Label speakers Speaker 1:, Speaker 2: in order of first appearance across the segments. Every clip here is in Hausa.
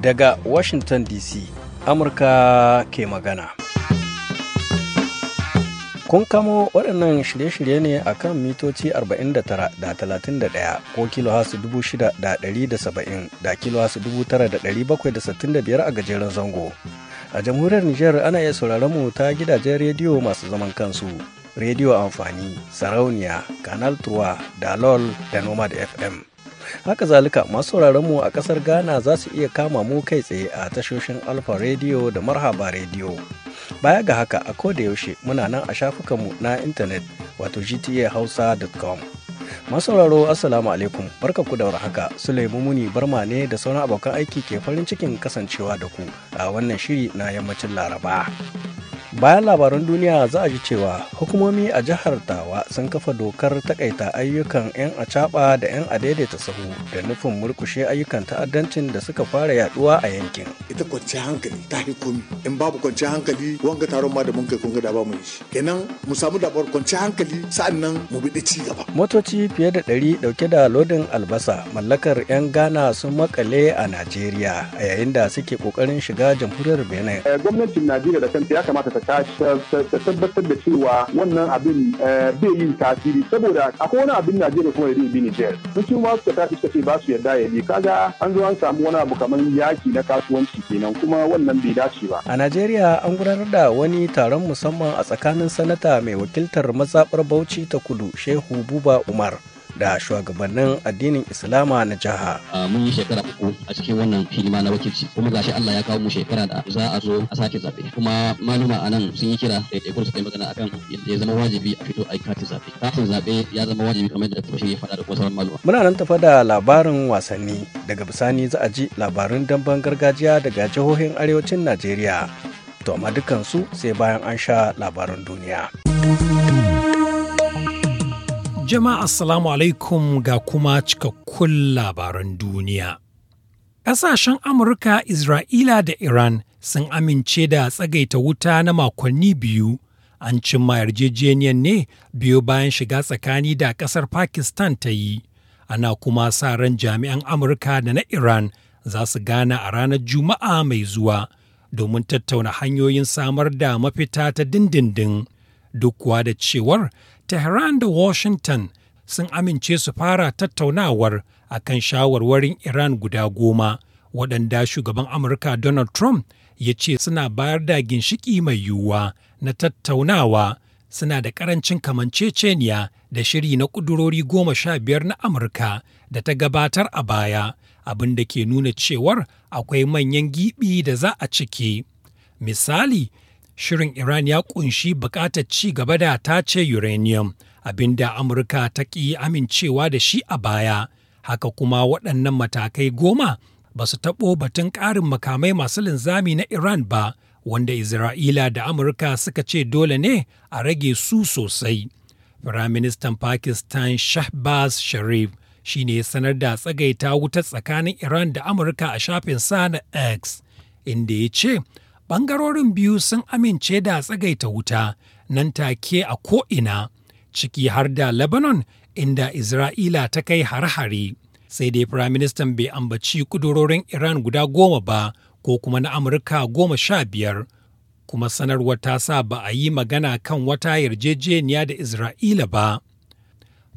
Speaker 1: daga Washington DC, Amurka ke magana. Kun kamo waɗannan shirye-shirye ne a kan mitoci 49 da 31 ko kilohasu 6,170 da kilo hasu 9,765 a gajeren zango. A jamhuriyar Nijar ana iya sauraron mu ta gidajen rediyo masu zaman kansu. Rediyo Amfani, Sarauniya, kanal da Dalol da Nomad FM. haka zalika masu mu a kasar ghana za su iya kama mu kai tsaye a tashoshin alfa radio da marhaba radio baya ga haka a koda yaushe muna nan a shafukanmu na intanet wato gtahausa.com masu sauraro assalamu alaikum barka ku da haka sulaimu muni barma ne da sauran abokan aiki ke farin cikin kasancewa da ku a wannan shiri na yammacin laraba bayan labaran duniya za a ji cewa hukumomi a jihar tawa sun kafa dokar takaita ayyukan 'yan acaba da 'yan adaidaita sahu da nufin murkushe ayyukan ta'addancin da suka fara yaduwa a yankin ita kwanciyar hankali ta fi komi
Speaker 2: in babu kwanciyar hankali wanga taron ma da mun kai kun ga da ba mu yi kenan mu samu dabar
Speaker 1: kwanciyar hankali sa'annan mu bi ci gaba motoci fiye da ɗari dauke da lodin albasa mallakar 'yan gana sun makale a najeriya a yayin da suke kokarin shiga jamhuriyar benin
Speaker 3: eh, gwamnatin najeriya da kanta ya kamata ta tabbatar da cewa wannan abin eh, bai yin tasiri saboda akwai wani abin Najeriya kuma da bi Niger sun ma suka tafi suka ba su yarda ya bi kaga an zo an samu wani abu kamar yaki na kasuwanci kenan kuma wannan bai
Speaker 4: dace ba
Speaker 1: a Najeriya an gudanar da wani taron musamman a tsakanin sanata mai wakiltar mazabar Bauchi ta Kudu Shehu Buba Umar da shugabannin addinin Islama
Speaker 5: na jiha. Mun yi shekara uku a cikin wannan hidima na wakilci kuma gashi Allah ya kawo mu shekara da za a zo a sake zaɓe kuma maluma a nan sun yi kira da ɗaiɗaikun su kai magana akan yadda ya zama wajibi a fito a yi katin zaɓe. Katin zaɓe ya zama wajibi kamar yadda shi ya faɗa da kuma maluma.
Speaker 1: Muna nan tafa da labarin wasanni daga bisani za a ji labarin damben gargajiya daga jihohin arewacin Najeriya. to amma dukansu sai bayan an sha labaran duniya.
Speaker 6: Jama'a Assalamu alaikum ga kuma cikakkun labaran duniya. Ƙasashen Amurka, Isra'ila da Iran sun amince da tsagaita wuta na makonni biyu. An cimma yarjejeniyar ne biyu bayan shiga tsakani da ƙasar Pakistan ta yi. Ana kuma sa ran jami'an Amurka da na Iran za su gana a ranar Juma'a mai zuwa domin tattauna hanyoyin samar da mafita ta dindindin. Duk kuwa da cewar Tehran da Washington sun amince su fara tattaunawar a kan shawarwarin Iran guda goma, waɗanda shugaban Amurka Donald Trump ya ce suna bayar da ginshiki mai yiwuwa na tattaunawa suna da ƙarancin kamanceceniya da shiri na ƙudurori goma sha biyar na Amurka da ta gabatar a baya, abin da ke nuna cewar akwai manyan giɓi da za a ciki. Misali, shirin Iran ya kunshi bukatar ci gaba da tace uranium abinda Amurka ta ƙi amincewa da shi a baya. Haka kuma waɗannan matakai goma ba su taɓo batun ƙarin makamai masu linzami na Iran ba, wanda Isra'ila da Amurka suka ce dole ne a rage su sosai. Firaministan Pakistan Shahbaz Sharif shi ne sanar da tsagaita wuta tsakanin Iran da Amurka a shafin sa na X, inda ya ce Bangarorin biyu sun amince da tsagaita wuta nan take a ko'ina, ciki har da Lebanon inda Isra'ila ta kai har-hare. Sai dai Firaministan bai ambaci kudurorin Iran guda goma ba ko kuma na Amurka goma sha biyar. Kuma sanarwar ta sa ba a yi magana kan wata yarjejeniya da Isra'ila ba.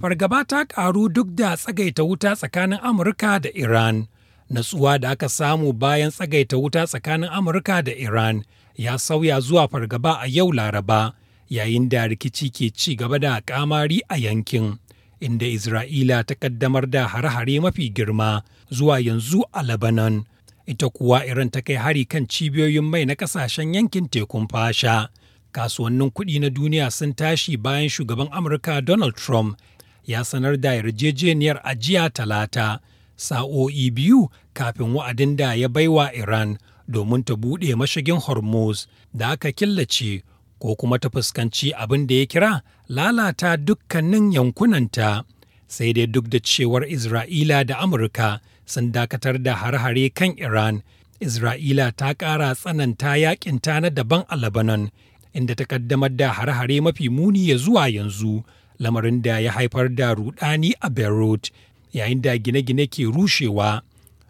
Speaker 6: Fargaba ta ƙaru duk da tsagaita wuta tsakanin Amurka da Iran. natsuwa da aka samu bayan tsagaita wuta tsakanin amurka da iran ya sauya zuwa fargaba a yau laraba yayin da rikici ke ci gaba da kamari a yankin inda isra'ila ta kaddamar da hare-hare mafi girma zuwa yanzu a lebanon ita kuwa iran ta kai hari kan cibiyoyin mai na kasashen yankin tekun fasha kasuwannin kuɗi na duniya sun tashi bayan shugaban amurka donald trump ya sanar da yarjejeniyar ajiya talata sa'o'i biyu kafin wa'adin da ya baiwa Iran domin ta buɗe mashigin Hormuz da aka killace ko kuma ta fuskanci abin da ya kira lalata dukkanin yankunanta. Sai dai duk da cewar Isra'ila da Amurka sun dakatar da har-hare kan Iran, Isra'ila ta ƙara tsananta yaƙinta na daban a Lebanon, inda ta kaddamar da har-hare mafi muni ya zuwa yanzu, lamarin da ya haifar da rudani a Beirut yayin da gine-gine ke rushewa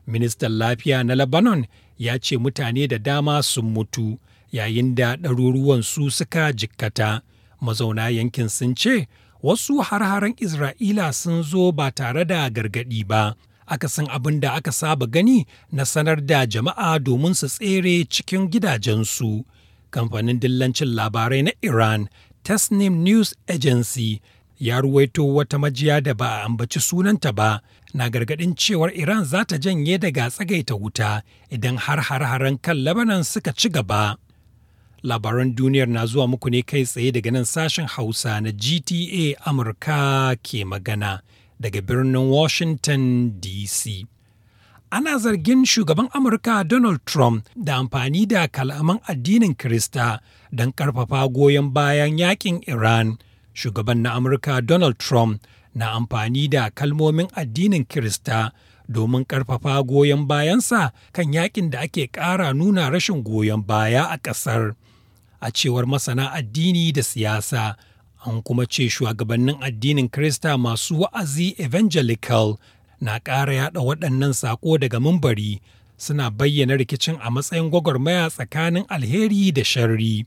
Speaker 6: ministan lafiya na lebanon ya ce mutane da dama sun mutu yayin da ɗaruruwan su suka jikkata mazauna yankin sun ce wasu har isra'ila sun zo ba tare da gargaɗi ba aka san abin da aka saba gani na sanar da jama'a domin su tsere cikin gidajensu kamfanin dillancin labarai na iran tasnim news agency ya ruwaito wata majiya da ba a ambaci sunanta ba na gargaɗin cewar Iran za ta janye daga tsagaita wuta idan har har-haren kan labanan suka ci gaba. Labaran duniyar na zuwa muku ne kai tsaye daga nan sashen Hausa na GTA Amurka ke magana daga birnin Washington DC. Ana zargin shugaban Amurka Donald Trump da amfani da kalaman addinin krista don karfafa goyon bayan yakin Iran. shugaban na Amurka Donald Trump na amfani da kalmomin addinin Kirista domin ƙarfafa goyon bayansa kan yakin da ake ƙara nuna rashin goyon baya a ƙasar. A cewar masana addini da siyasa, an kuma ce shugabannin addinin Kirista masu wa'azi evangelical na ƙara yada waɗannan sako daga mumbari suna bayyana rikicin a matsayin gwagwarmaya tsakanin alheri da sharri.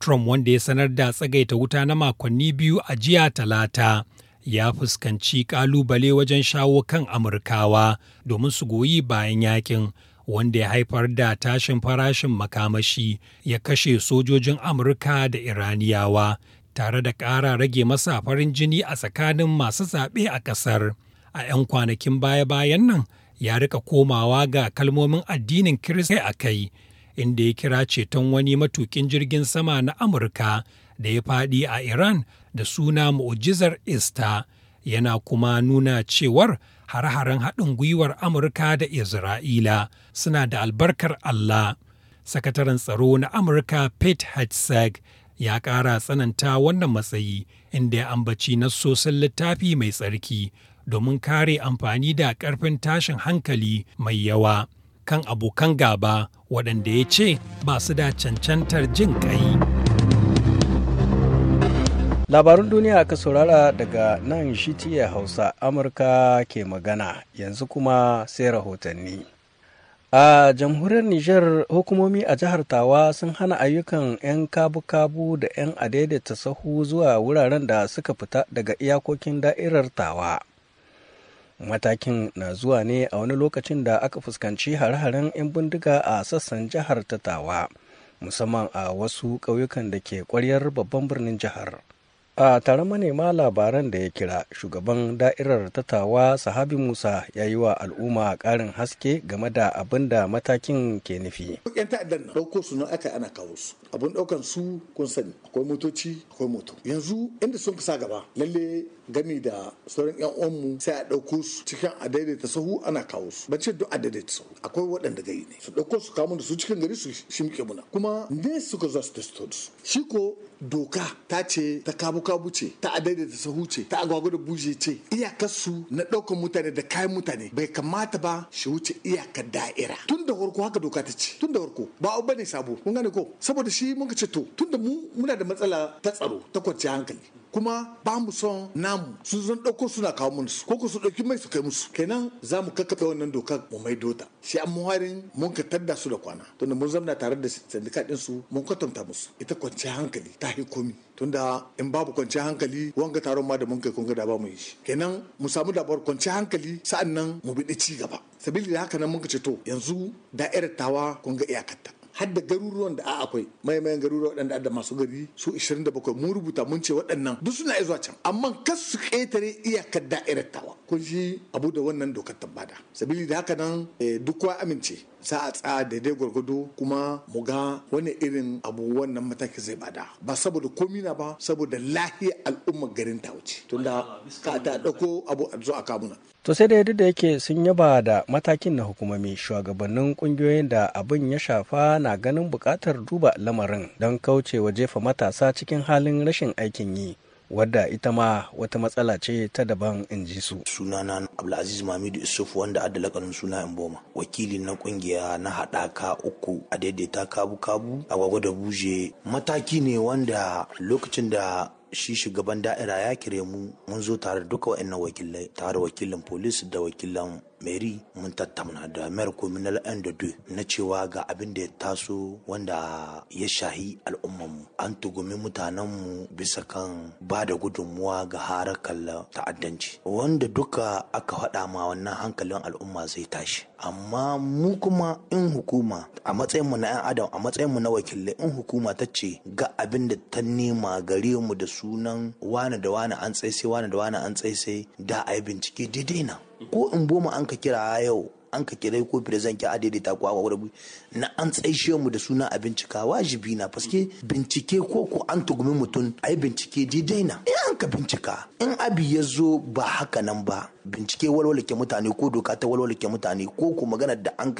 Speaker 6: Trump wanda ya sanar da tsagaita wuta na makonni biyu a jiya talata ya fuskanci kalubale wajen shawo kan Amurkawa domin su goyi bayan yakin wanda ya haifar da tashin farashin makamashi ya kashe sojojin Amurka da Iraniyawa tare da ƙara rage masa farin jini a tsakanin masu zaɓe a ƙasar. A 'yan kwanakin baya-bayan nan ya rika komawa ga kalmomin addinin Kirista a kai. inda ya kira ceton wani matukin jirgin sama na Amurka da ya faɗi a Iran da suna mu'ujizar Ista yana kuma nuna cewar har-haren haɗin gwiwar Amurka da Isra'ila suna da albarkar Allah. Sakataren tsaro na Amurka Pete hatzeg ya ƙara tsananta wannan matsayi inda ya ambaci nassosin littafi mai tsarki domin kare amfani da ƙarfin tashin hankali mai yawa. kan abokan gaba waɗanda ya ce ba su da cancantar jin ƙai.
Speaker 1: Labarun duniya ka saurara daga nan shi shitiya Hausa Amurka ke magana yanzu kuma sai rahotanni. A jamhuriyar Nijar hukumomi a jihar Tawa sun hana ayyukan 'yan kabu-kabu da 'yan adaidaita sahu zuwa wuraren da suka fita daga iyakokin da'irar Tawa. matakin na zuwa ne a wani lokacin da aka fuskanci hare-haren 'yan bindiga a sassan jihar tatawa musamman a wasu ƙauyukan da ke ƙwaryar babban birnin jihar a tare manema labaran da ya kira shugaban da'irar tatawa sahabi musa ya yi wa al'umma ƙarin haske game da abin da matakin ke nufi
Speaker 2: yan ta'addan ɗauko su nan aka ana kawo su abin ɗaukan su kun sani akwai motoci akwai moto yanzu inda sun fi sa gaba lalle gami da sauran yan uwanmu sai a ɗauko su cikin a daidaita sahu ana kawo su bace duk a daidaita sahu akwai waɗanda gari ne su ɗauko su kawo da su cikin gari su muke muna kuma ne suka zo su testo su shi ko doka ta ce ta kabu kabu ce ta a daidaita sahu ce ta agwagwa da buje ce iyakar su na ɗaukar mutane da kayan mutane bai kamata ba shi wuce iyakar da'ira tun da farko haka doka ta ce tun da farko ba abu bane sabo mun gane ko saboda shi mun ka ce to tun da mu muna da matsala ta tsaro ta kwanciyar hankali kuma ba mu son namu sun zan ɗauko suna kawo mun su ko su ɗauki mai su kai musu kenan za mu kakkaɓe wannan dokar mu mai dota sai an muharin mun ka tadda su da kwana tunda mun zamna tare da sandika ɗin su mun kwatanta musu ita kwanciyar hankali ta hi komi tunda in babu kwanciyar hankali wanga taron ma da mun kai kunga da ba mu yi shi kenan mu samu dabar kwanciyar hankali sa'an nan mu bi ci gaba sabili da haka nan mun ka ce to yanzu da'irar tawa kunga iyakarta har da garuruwan da a akwai maimayan garuruwa waɗanda da masu gari su 27 mun rubuta mun ce waɗannan duk suna zuwa can amma kas su ƙetare iyakar da'irar tawa kun shi abu da wannan dokar tabbada sabili da haka nan eh, duk wa amince za a tsaya daidai gwargwado kuma mu ga wani irin abu wannan mataki zai bada ba saboda komi na ba saboda lahiyar al'ummar garin ta wuce tunda ka ta dauko abu a zo a kamuna
Speaker 1: to sai da da yake sun yaba da matakin na hukumomi shugabannin kungiyoyin da abin ya shafa na ganin bukatar duba lamarin don kaucewa jefa matasa cikin halin rashin aikin yi wadda
Speaker 4: ita ma wata matsala ce ta daban in ji su. Sunana Abdulaziz Mamidu Isuf wanda adda lakarin suna Mboma, wakili na kungiya na haɗaka uku a daidaita kabu-kabu a gwagwada da buje. Mataki ne wanda lokacin da shi shugaban da'ira ya kire mu mun zo tare duka wa'annan wakilai tare wakilin polis da wakilan Mary mun tattauna da mayar kominal yan da na cewa ga abin da ya taso wanda ya shahi al'ummanmu an tugumi mutanenmu bisa kan ba da gudunmuwa ga harakar ta'addanci wanda duka aka faɗa ma wannan hankalin al'umma zai tashi amma mu kuma in hukuma a matsayinmu na 'yan adam a matsayinmu na wakilai in hukuma ta ce ga abin da ta nema gare mu da sunan wane da wane an tsaise wane da wane an tsaise da a yi bincike daidai na ko in boma an ka kira yau an ka kira ko firizan ki adaidaita ko a wuri na an tsaishe mu da suna a bincika wajibi na faske bincike ko ko an tugumi mutum a yi bincike daidai na in an ka bincika in abi ya zo ba haka nan ba bincike walwalake mutane ko doka ta walwalake mutane ko ko magana da an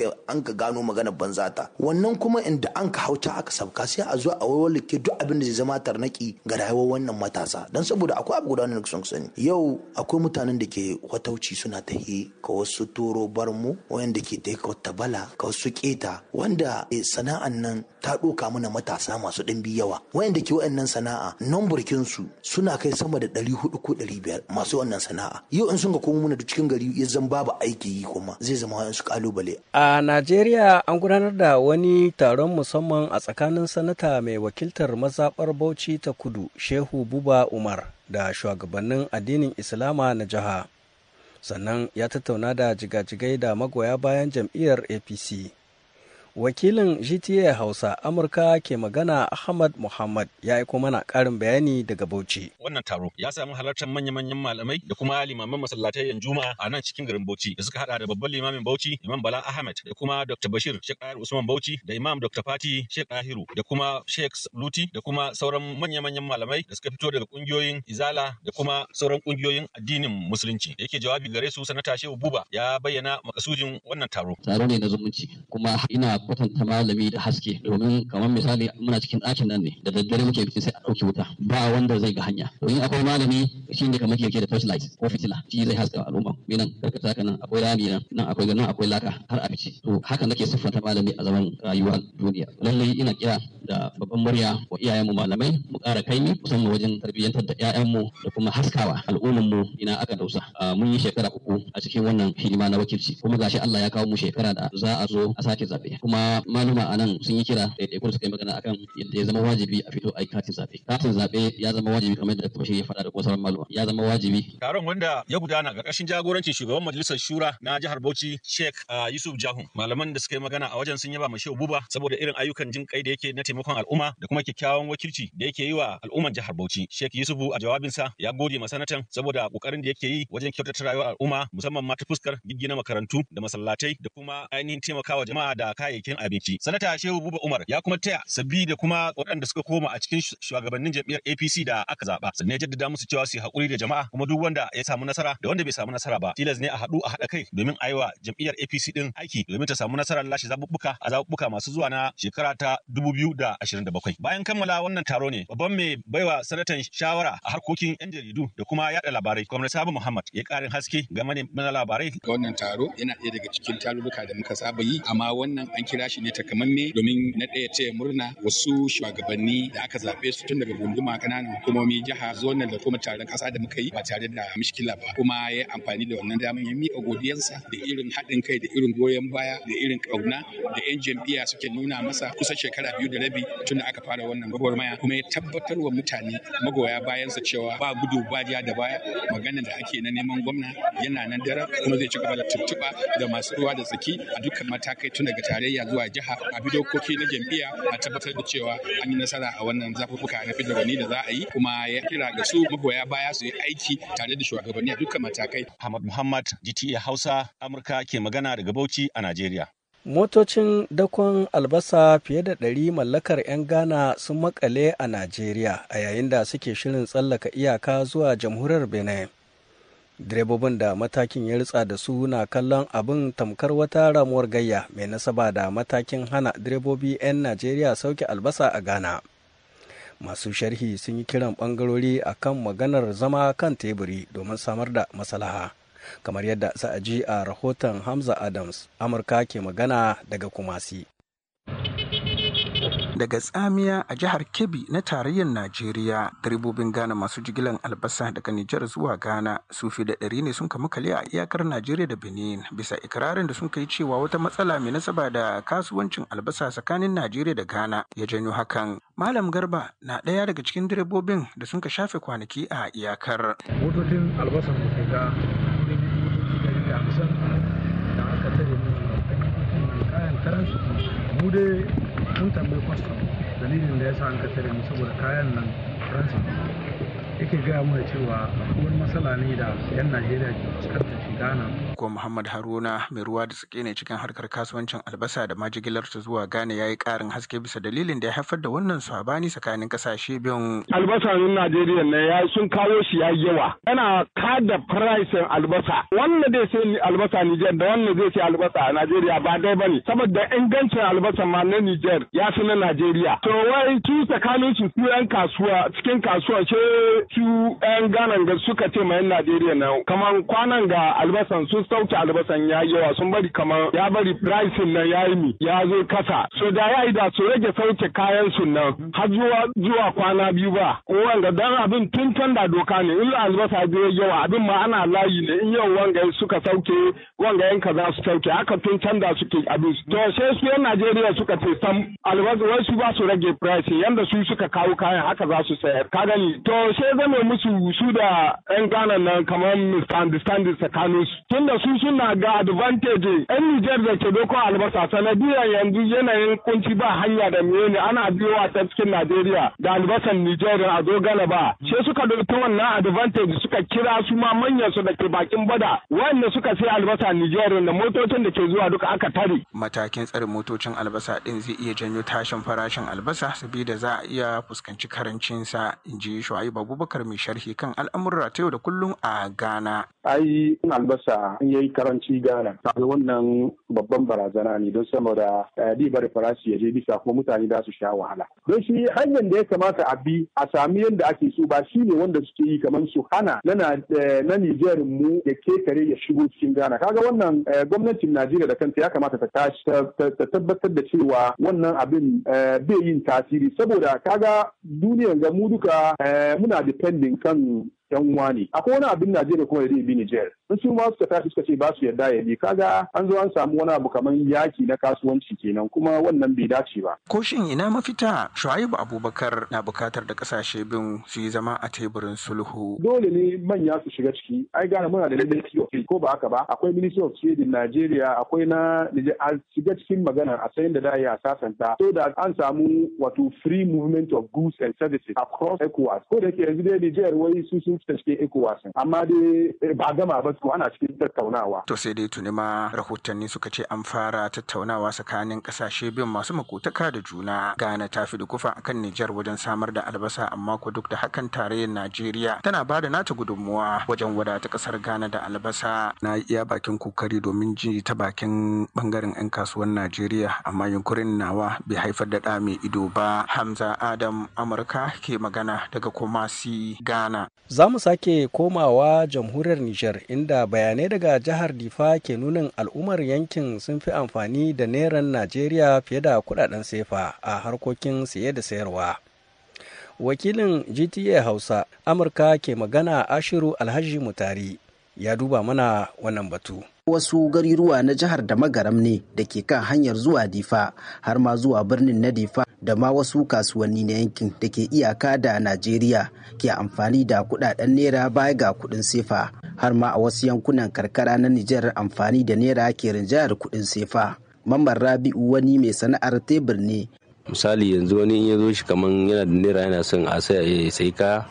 Speaker 4: ka gano magana banza ta wannan kuma inda an ka hauta aka sabka sai a zo a walwalake duk abin da zai zama tarnaki ga rayuwar wannan matasa dan saboda akwai abu guda wanda kusan sani yau akwai mutanen da ke watauci suna tahi ka wasu toro barmu wayanda ke yi ka wata bala ka wasu keta wanda e sana'an nan ta ɗoka mana matasa masu ɗimbi yawa wayanda ke wayannan sana'a nan burkinsu suna kai sama da ɗari hudu ko ɗari biyar masu wannan sana'a yau in sun ga komo mana cikin gari ya zan babu aiki yi kuma zai zama wayansu kalubale.
Speaker 1: a najeriya an gudanar da wani taron musamman a tsakanin sanata mai wakiltar mazaɓar bauchi ta kudu shehu buba umar da shugabannin addinin islama na jiha sannan ya tattauna da jigajigai da magoya bayan jam'iyyar apc wakilin gta hausa amurka ke magana ahmad muhammad ya yi aiko mana karin bayani daga bauchi
Speaker 7: wannan taro ya samu halartar manya-manyan malamai da kuma limaman masallatai yan juma'a a nan cikin garin bauchi da suka hada da babban limamin bauchi imam bala ahmad da kuma dr bashir sheikh usman bauchi da imam dr fati sheikh ahiru da kuma sheikh luti da kuma sauran manya-manyan malamai da suka fito daga kungiyoyin izala da kuma sauran kungiyoyin addinin musulunci da yake jawabi gare su sanata shehu buba ya bayyana makasudin wannan taro taro
Speaker 5: ne na zumunci kuma ina kwatanta malami da haske domin kamar misali muna cikin ɗakin nan ne da daddare muke bikin sai a ɗauki wuta ba wanda zai ga hanya domin akwai malami shi ne kamar yake da torchlight ko fitila shi zai haska al'umma me nan karkata haka nan akwai rami nan nan akwai ganin akwai laka har a fice to haka nake siffanta malami a zaman rayuwar duniya lallai ina kira da babban murya wa iyayenmu malamai mu ƙara kaimi musamman wajen tarbiyyantar da 'ya'yanmu da kuma haskawa mu ina aka dausa mun yi shekara uku a cikin wannan hidima na wakilci kuma gashi Allah ya kawo mu shekara da za a zo a sake zabe kuma maluma a nan sun yi kira ɗaiɗaikun su yi magana akan yadda ya zama wajibi a fito a yi katin zabe katin zabe ya zama wajibi kamar yadda ya faɗa da kuma sauran ya zama wajibi.
Speaker 7: Taron wanda ya gudana ƙarƙashin jagorancin shugaban majalisar shura na jihar Bauchi Sheikh ah, Yusuf Jahu, Malaman da suka yi magana a wajen sun yaba ma Shehu Buba saboda irin ayyukan jin kai da yake na taimakon al'umma da kuma kyakkyawan wakilci da yake yi wa al'umman jihar Bauchi. Sheikh Yusufu a jawabinsa ya gode ma sanatan saboda ƙoƙarin da yake yi wajen kyautata rayuwar al'umma musamman ma ta fuskar giggina makarantu da masallatai da kuma ainihin taimakawa jama'a da kayayyakin abinci. Sanata Shehu Buba Umar ya kuma taya sabbi da kuma waɗanda suka koma a cikin shugabannin jam'iyyar APC da aka zaɓa. Sannan ya jaddada musu cewa su hakuri da jama'a kuma duk wanda ya samu nasara da wanda bai samu nasara ba tilas ne a haɗu a haɗa kai domin a jam'iyyar APC din aiki domin ta samu nasarar lashe zaɓuɓɓuka a zaɓuɓɓuka masu zuwa na shekara ta 2027 bayan kammala wannan taro ne babban mai baiwa sanatan shawara a harkokin yan jaridu da kuma yada labarai gwamnati Sabu Muhammad ya karin haske game da labarai wannan taro yana
Speaker 3: ɗaya daga cikin tarurruka da muka saba yi amma wannan an kira shi ne takamamme domin na ɗaya ce murna wasu shugabanni da aka zaɓe su tun daga gunduma ƙananan hukumomi jiha nan da kuma taron kasa da muka yi ba tare da mishkila ba kuma ya amfani da wannan damar ya miƙa godiyarsa da irin haɗin kai da irin goyon baya da irin ƙauna da 'yan jam'iyya suke nuna masa kusa shekara biyu da rabi tun da aka fara wannan maya. kuma ya tabbatar wa mutane magoya bayansa cewa ba gudu ba ja da baya magana da ake na neman gwamna yana nan dara. kuma zai ci gaba da tuntuɓa da masu ruwa da tsaki a dukkan matakai tun daga tarayya zuwa jiha a bidokoki na jam'iyya a tabbatar da cewa an yi nasara a wannan zafuffuka na fidda wani da za a yi kuma ya kira ga su magoya baya
Speaker 7: ya su yi aiki tare da shugabanni a dukkan matakai. Hamad Muhammad GTA Hausa Amurka ke magana daga Bauchi a Najeriya.
Speaker 1: Motocin dakon albasa fiye da ɗari mallakar 'yan Ghana sun makale a Najeriya a yayin da suke shirin tsallaka iyaka zuwa jamhuriyar Benin. direbobin da matakin ya ritsa da su na kallon abin tamkar wata ramuwar gayya mai nasaba da matakin hana direbobi 'yan najeriya sauke albasa a ghana masu sharhi sun yi kiran bangarori a kan maganar zama kan teburi domin samar da masalaha kamar yadda za ji a rahoton hamza adams amurka ke magana daga kumasi
Speaker 8: daga tsamiya a jihar kebbi na tarayyar najeriya garibobin ghana masu jigilan albasa daga nijar zuwa ghana su fi da ɗari ne sun kamu kale a iyakar najeriya da benin bisa ikirarin da sun kai cewa wata matsala mai nasaba da kasuwancin albasa tsakanin najeriya da ghana ya janyo hakan malam garba na ɗaya daga cikin direbobin da sun ka shafe kwanaki a iyakar
Speaker 9: mu dai mun tambayi kwastom dalilin da ya sa an ka tare mu saboda kayan nan ransa yake gaya mana
Speaker 8: cewa
Speaker 6: wani matsala ne da 'yan najeriya ke fuskanta
Speaker 8: shi ghana ko muhammad haruna mai ruwa da tsake ne cikin harkar kasuwancin albasa da majigilar ta zuwa ghana ya yi karin haske bisa dalilin da ya haifar da wannan sabani tsakanin kasashe biyun albasa
Speaker 10: na najeriya ne ya sun kawo shi ya yi yawa yana kada farashin albasa wannan zai sai albasa niger da wannan zai sai albasa a najeriya ba dai ba ne saboda ingancin albasa ma na niger ya fi na najeriya to wai su tsakanin su yan kasuwa cikin kasuwa ce su 'yan ganan da suka ce mayan Najeriya na kamar kwanan ga albasan sun sauke albasan ya yi yawa sun bari kamar ya bari pricing na ya yi mi ya zo kasa. So da ya yi da su rage sauke kayan su nan har zuwa zuwa kwana biyu ba. Wanga dan abin tun can da doka ne in albasa zai yawa abin ma ana layi ne in yau wanga suka sauke wanga yan kaza su sauke haka tun can da suke abin. To sai su 'yan Najeriya suka ce sam albasa wasu ba su rage pricing yanda su suka kawo kayan haka za su sayar. Ka gani to sai zame musu su da 'yan gana nan kamar misunderstanding tsakanin su. da su suna ga advantage 'yan Nijar da ke doko albasa sanadiyar yanzu yanayin kunci ba hanya da ne ana biyo ta cikin Najeriya da albasan Nijar a zo Ghana ba. Sai suka dauki wannan advantage suka kira su ma manyan su da ke bakin bada wanda suka sai albasa Nijar da motocin da ke zuwa duka aka tare.
Speaker 8: Matakin tsarin motocin albasa din zai iya janyo tashin farashin albasa sabida za a iya fuskanci karancinsa in ji Shu'aibu babu Abubakar mai sharhi kan al'amurra ta yau da kullum a Ghana.
Speaker 3: Ai albasa an yayi karanci Ghana. Kaga wannan babban barazana ne don saboda ribar eh, farashi ya je bisa kuma mutane za su sha wahala. Don shi hanyar da ya kamata a bi a sami yadda ake so ba shi ne wanda suke yi kamar su hana na eh, Nijar mu ke ketare ya shigo cikin Ghana. Kaga wannan eh, gwamnatin Najeriya da kanta ya kamata ta tashi ta tabbatar da cewa wannan abin bai yin tasiri saboda kaga duniyar ga mu duka muna da depending kan yan uwa ne akwai wani abin Najeriya kuma da bi Niger in su ma suka tashi suka ce ba su yarda ya bi ga an zo an samu wani abu kamar yaki na kasuwanci kenan kuma wannan bai dace ba
Speaker 8: ko shin ina mafita Shu'aibu Abubakar na bukatar da kasashe bin su yi zama a teburin sulhu dole
Speaker 3: ne manya su shiga ciki ai gane muna da Ministry ko ba haka ba akwai Ministry of Trade in Nigeria akwai na Niger a shiga cikin magana a sayan da da ya sasanta so da an samu wato free movement of goods and services across ECOWAS ko da ke yanzu dai Niger wai su sun ta ce ECOWAS amma dai eh, ba gama ba su ana cikin tattaunawa.
Speaker 8: To sai dai tuni ma rahotanni suka ce an fara tattaunawa tsakanin kasashe biyun masu makotaka da juna. gana ta fi dukufa akan Nijar wajen samar da albasa amma ko duk da hakan tarayyar Najeriya tana ba da nata gudummawa wajen wadata kasar Ghana da albasa. Na iya bakin kokari domin ji ta bakin bangaren 'yan kasuwan Najeriya amma yunkurin nawa bai haifar da mai ido ba. Hamza Adam Amurka ke magana daga Kumasi Ghana.
Speaker 1: Za Za mu sake komawa jamhuriyar Nijar inda bayanai daga jihar Difa ke nunin al'ummar yankin sun fi amfani da neran Najeriya fiye da kudaden sefa a harkokin siye da sayarwa. Wakilin GTA Hausa Amurka ke magana Ashiru Alhaji Mutari ya duba mana wannan batu.
Speaker 11: wasu gariruwa na jihar da magaram ne da ke kan hanyar zuwa difa har ma zuwa birnin na difa da ma wasu kasuwanni na yankin da ke iyaka da Najeriya ke amfani da kudaden naira baya ga kudin sefa har ma a wasu yankunan karkara na Nijar amfani da naira ke rinjayar kudin sefa. Mamman Rabi'u wani mai sana'ar tebur ne. Misali yanzu wani in ya zo shi kaman yana da naira yana son a sai kaya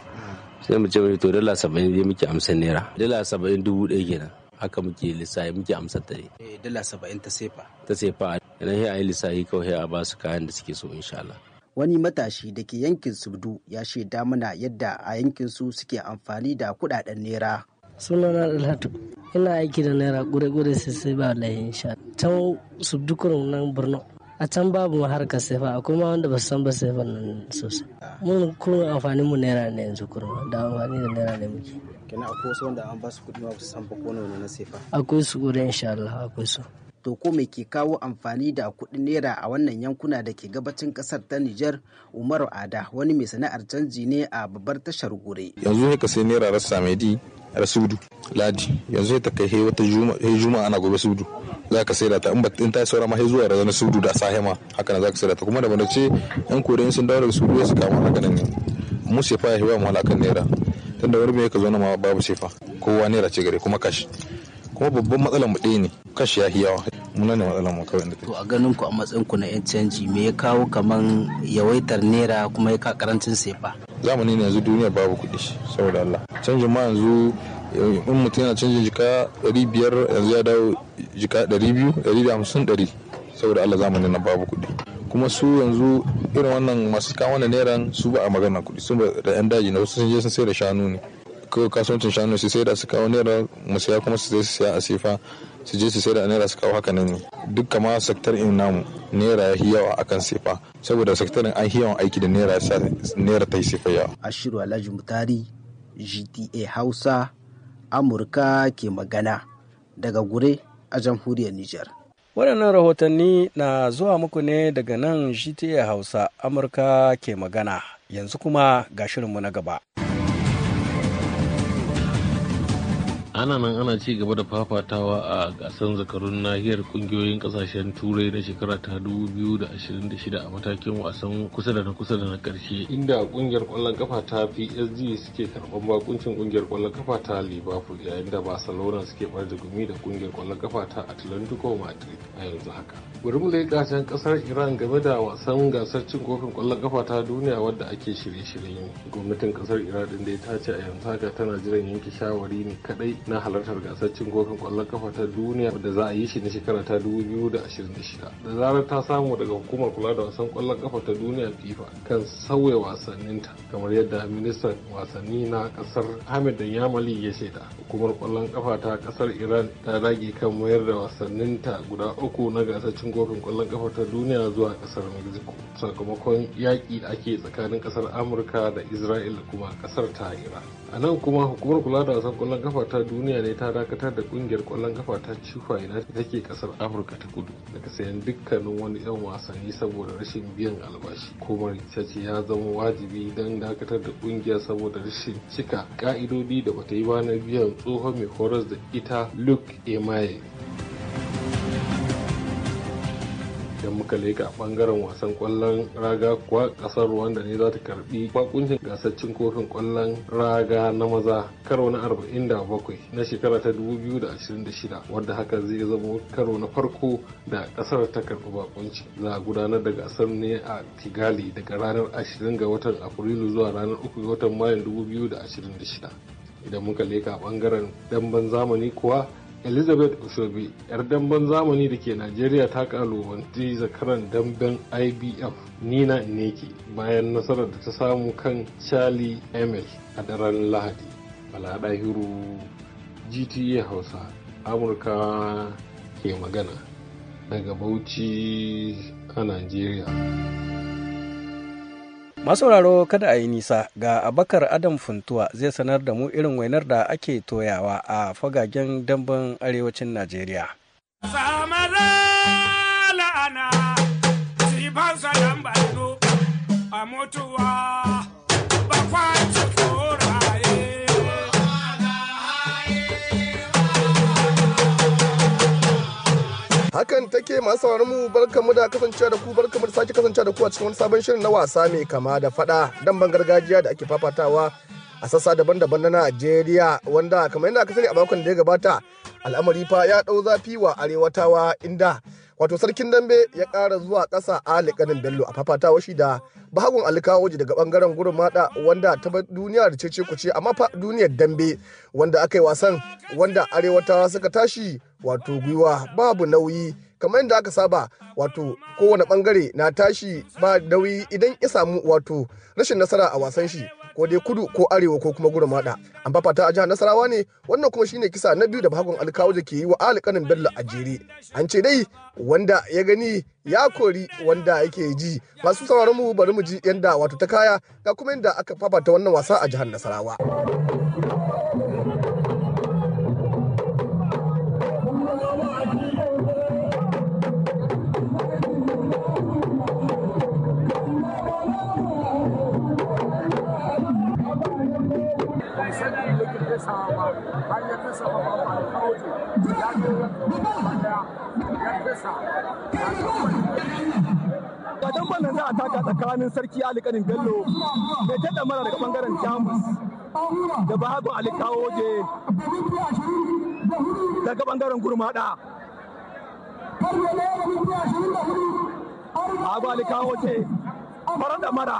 Speaker 11: sai mu ce mai to dala saba'in zai muke amsan naira dala saba'in dubu ɗaya kenan haka muke lissafi muke amsar ta ne. Eh, dala saba'in ta sefa. Ta sefa idan a yi lissafi kawai a basu kayan da suke so insha Allah. Wani matashi da ke yankin Subdu ya shaida mana yadda a yankin su suke amfani da kuɗaɗen naira. Sunana alhatu Ina aiki da naira gure-gure sai ba wallahi sha Can Subdu kurin nan Borno. a can babu harkar sefa akwai ma wanda ba su san ba sefa nan sosai mun kuma amfani mu naira ne yanzu kurma da amfani da naira ne muke kina akwai wasu wanda an ba su kudi ma ba su san ba ko nawa na sefa akwai su gure insha Allah akwai su to ko me ke kawo amfani da kudin naira a wannan yankuna da ke gabacin ƙasar ta Nijar Umaru Ada wani mai sana'ar canji ne a babbar tashar gure
Speaker 12: yanzu ne ka sai naira rassa mai di rasudu ladi yanzu ya takai he wata juma ana gobe sudu za ka saida ta in ba in ta saura ma he zuwa ranar sudu da sahe ma haka nan za ka saida ta kuma da ce yan koren sun dawo daga sudu su kama haka nan mu fa ya hewa mu halakan naira tunda wani bai ka zo na ma babu sefa kowa naira ce gare kuma kashi kuma babban matsalar mu ɗaya ne kashi ya yawa muna ne matsalar mu kawai
Speaker 11: to a ganin ku a matsayin ku na yan canji me ya kawo kaman yawaitar naira kuma ya ka karancin sefa
Speaker 12: zamani ne yanzu duniya babu kuɗi saboda Allah canjin ma yanzu in mutum yana canjin jika 500 yanzu ya dawo jika da hamsin ɗari saboda Allah zamani na babu kuɗi kuma su yanzu irin wannan masu kawo wannan naira su ba a magana kuɗi su da yan daji na wasu sun je sun sai da shanu ne kasuwancin shanu su sai da su kawo naira mu siya kuma su zai su siya a su je su sai da naira su kawo haka nan ne duk kama sektar in namu naira ya yi yawa akan sifa saboda sektarin an yi yawan aiki da naira ya sa naira ta yi sifa yawa
Speaker 11: ashiru alhaji mutari gta hausa amurka ke magana daga gure a jamhuriyar niger
Speaker 1: waɗannan rahotanni na zuwa muku ne daga nan gta hausa amurka ke magana yanzu kuma ga shirinmu na gaba
Speaker 9: ana nan ana ci gaba da fafatawa a gasar zakarun nahiyar kungiyoyin kasashen turai na shekara ta 2026 a matakin wasan kusa da na kusa da na karshe inda kungiyar kwallon kafa ta psg suke karban bakuncin kungiyar kwallon kafa ta liverpool yayin da barcelona suke bar da gumi da kungiyar kwallon kafa ta atlantico madrid a yanzu haka bari mu leƙa kasar iran game da wasan gasar cin kofin kwallon kafa ta duniya wadda ake shirye-shiryen gwamnatin kasar iran din dai ta ce a yanzu haka tana jiran yanke shawari ne kadai na halartar gasar cin kofin kwallon kafa ta duniya da za a yi shi na shekara ta 2026 da zarar ta samu daga hukumar kula da wasan kwallon kafa ta duniya fifa kan sauya wasanninta kamar yadda ministan wasanni na kasar hamid yamali ya shaida hukumar kwallon kafa ta kasar iran ta rage kan mayar da wasanninta guda uku na gasar cin kofin kwallon kafa ta duniya zuwa kasar mexico sakamakon yaƙi da ake tsakanin kasar amurka da isra'il kuma kasar ta iran a nan kuma hukumar kula da wasan kwallon kafa ta duniya duniya ne ta dakatar da kungiyar kwallon kafa ta cifa ina da take kasar Afirka ta Kudu daga sayan dukkanin wani yan wasanni saboda rashin biyan albashi. Kuma ta ce ya zama wajibi don dakatar da kungiyar saboda rashin cika ka'idodi da bata yi ba biyan tsohon mai horas da ita Luke Emaye. idan muka leka bangaren wasan kwallon raga kuwa kasar Rwanda ne za ta karbi bakuncin gasar kofin kwallon raga na maza karo na 47 na shekara ta 2026 wadda haka zai zama karo na farko da kasar ta karbi bakunci za a gudanar da gasar ne a Kigali daga ranar 20 ga watan Afrilu zuwa ranar 3 ga watan da 2026 idan muka leka bangaren damben zamani kuwa elizabeth usobe yar damben zamani da ke najeriya ta kalubanci zakaran damben ibf nina neke bayan nasarar da ta samu kan charlie emil a daren lahadi balada hiru gta hausa amurka ke magana daga bauchi a najeriya
Speaker 1: masauraro kada a yi nisa ga abakar adam funtuwa zai sanar da mu irin wainar da ake toyawa a fagagen damben arewacin najeriya
Speaker 13: Hakan take masu sauraron mu barkamu da kasancewa da ku barkamu da sake kasancewa da ku a cikin wani sabon shirin na wasa mai kama da fada ban gargajiya da ake fafatawa a sassa daban-daban na Najeriya wanda kamar yadda aka sani a makon da ya gabata al'amari fa ya dau zafi wa arewatawa inda wato sarkin dambe ya ƙara zuwa ƙasa a kanin bello a fafatawa shi da bahagun alkawoji daga bangaren gurin mada wanda ta duniya da cece kuce amma fa duniyar dambe wanda aka yi wasan wanda arewatawa suka tashi wato gwiwa babu nauyi kamar yadda aka saba wato kowane bangare na tashi ba nauyi idan ya samu wato rashin nasara a wasan shi ko dai kudu ko arewa ko kuma gurin mada an fafata a jihar nasarawa ne wannan kuma shine kisa na biyu da bahagon alkawo da ke yi wa alƙanin bello a jere an ce dai wanda ya gani ya kori wanda yake ji masu sauraron mu bari mu ji yadda wato ta kaya ga kuma yadda aka fafata wannan wasa a jihar nasarawa.
Speaker 14: sallallahu alaihi kauce ya ke wanda ya kisa
Speaker 3: Gadon wannan za a taka tsakanin sarki Ali Kanin Bello mai tada mara daga bangaren Jamus da Bahago Ali Kawoje daga bangaren Gurmada. Bahago Ali Kawoje farar da mara.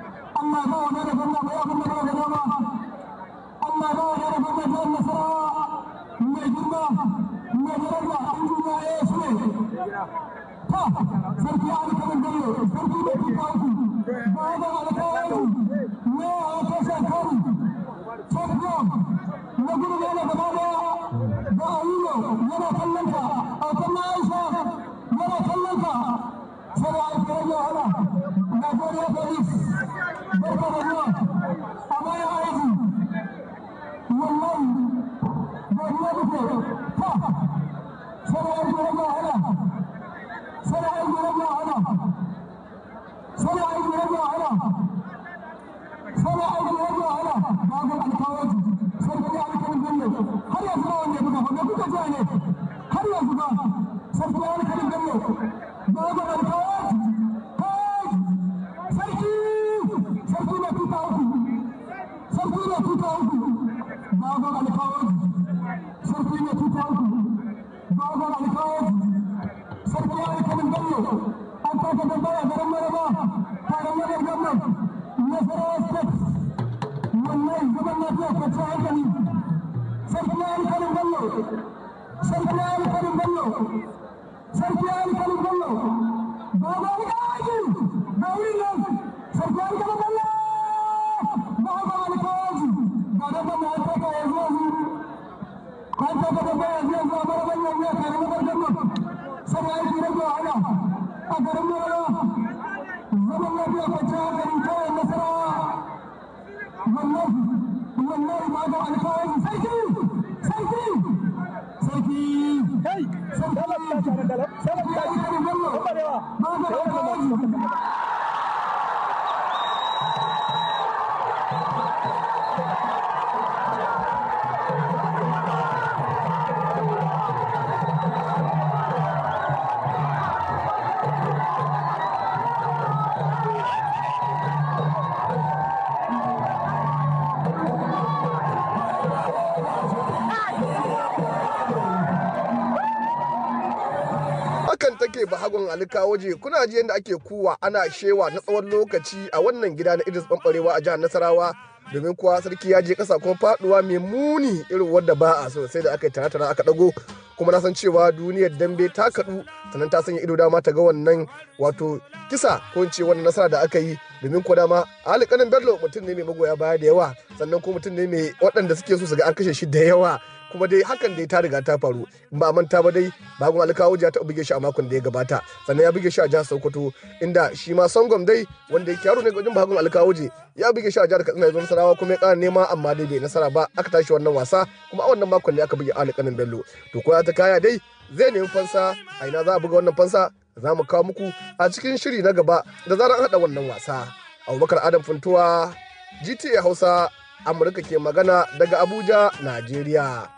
Speaker 14: Allah ba wa da gwamna mai abin da mai ta sarki na yana kallon ಬೇಕು ಪ್ರೋತ್ಸಾಹಕರು ಸರ್ಕಾರ ಕಲಿಬಲ್ಲು ಸರ್ಕಾರ ಕಲಿಬಲ್ಲು ಸರ್ಕಾರ ಕಲಿಬಲ್ಲು ಬಾಬಾಲಿಗಾಗಿ ಗೌರಿಗಾಗಿ ಸರ್ಕಾರ ಕಲಿಬಲ್ಲ ಬಾಬಾಲಿಗಾಗಿ ಗಡಪ ಮಾತಕ ಎದುರು ಕಾಂತಕ ಬಗ್ಗೆ ಎದುರು ಅಮರ ಬಗ್ಗೆ ಎದುರು ಕರೆದು ಬರ್ಬೇಕು ಸರ್ಕಾರ ಇರಬೇಕು ಆಗ ಆ ಗರಮಗಳು ಜಮಲ್ಲಭ್ಯ ಪ್ರಚಾರ ಕಲಿತ ಎನ್ನಸರ ಮಲ್ಲಭ್ಯ gwamnati ba ga alfahari sarki sarki sarki kai sarki sarki sarki sarki sarki sarki sarki sarki
Speaker 13: alika waje kuna ji yadda ake kuwa ana shewa na tsawon lokaci a wannan gida na Idris Bambarewa a jihar Nasarawa domin kuwa sarki ya je kasa kuma faduwa mai muni irin wadda ba a so sai da aka tana tana aka dago kuma na san cewa duniyar dambe ta kaɗu sannan ta sanya ido dama ta ga wannan wato kisa ko in ce wannan nasara da aka yi domin kuwa dama Ali Kanin Bello mutum ne mai magoya baya da yawa sannan ko mutum ne mai waɗanda suke so su ga an kashe shi da yawa kuma dai hakan dai ta riga ta faru in ba manta ba dai bagon alkawo ta buge shi a makon da ya gabata sannan ya buge shi a jihar sokoto inda shi ma sangom dai wanda ya yaro ne wajen bagon alkawo ya buge shi a jihar katsina ya zo kuma ya kara nema amma dai bai nasara ba aka tashi wannan wasa kuma a wannan makon ne aka buge alƙanin bello to ko ta kaya dai zai nemi fansa a ina za a buga wannan fansa za mu kawo muku a cikin shiri na gaba da zarar an haɗa wannan wasa abubakar adam funtuwa gta hausa Amurka ke magana daga Abuja, Najeriya. To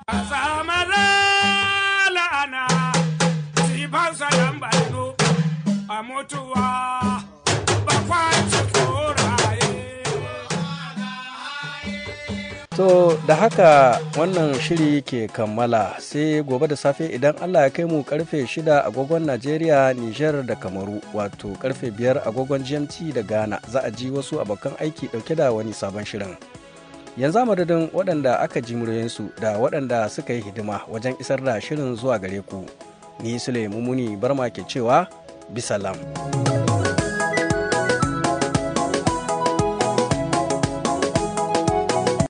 Speaker 1: da haka wannan shiri ke kammala sai gobe da safe idan Allah ya kai mu karfe 6 agogon Najeriya, Nijar da Kamaru wato karfe 5 agogon GMT da Ghana za a ji wasu abokan aiki dauke da wani sabon shirin. yanzu madadin waɗanda aka ji muryoyinsu da waɗanda suka yi hidima wajen isar da shirin zuwa gare ku ni sule mumuni barma ke cewa bisalam.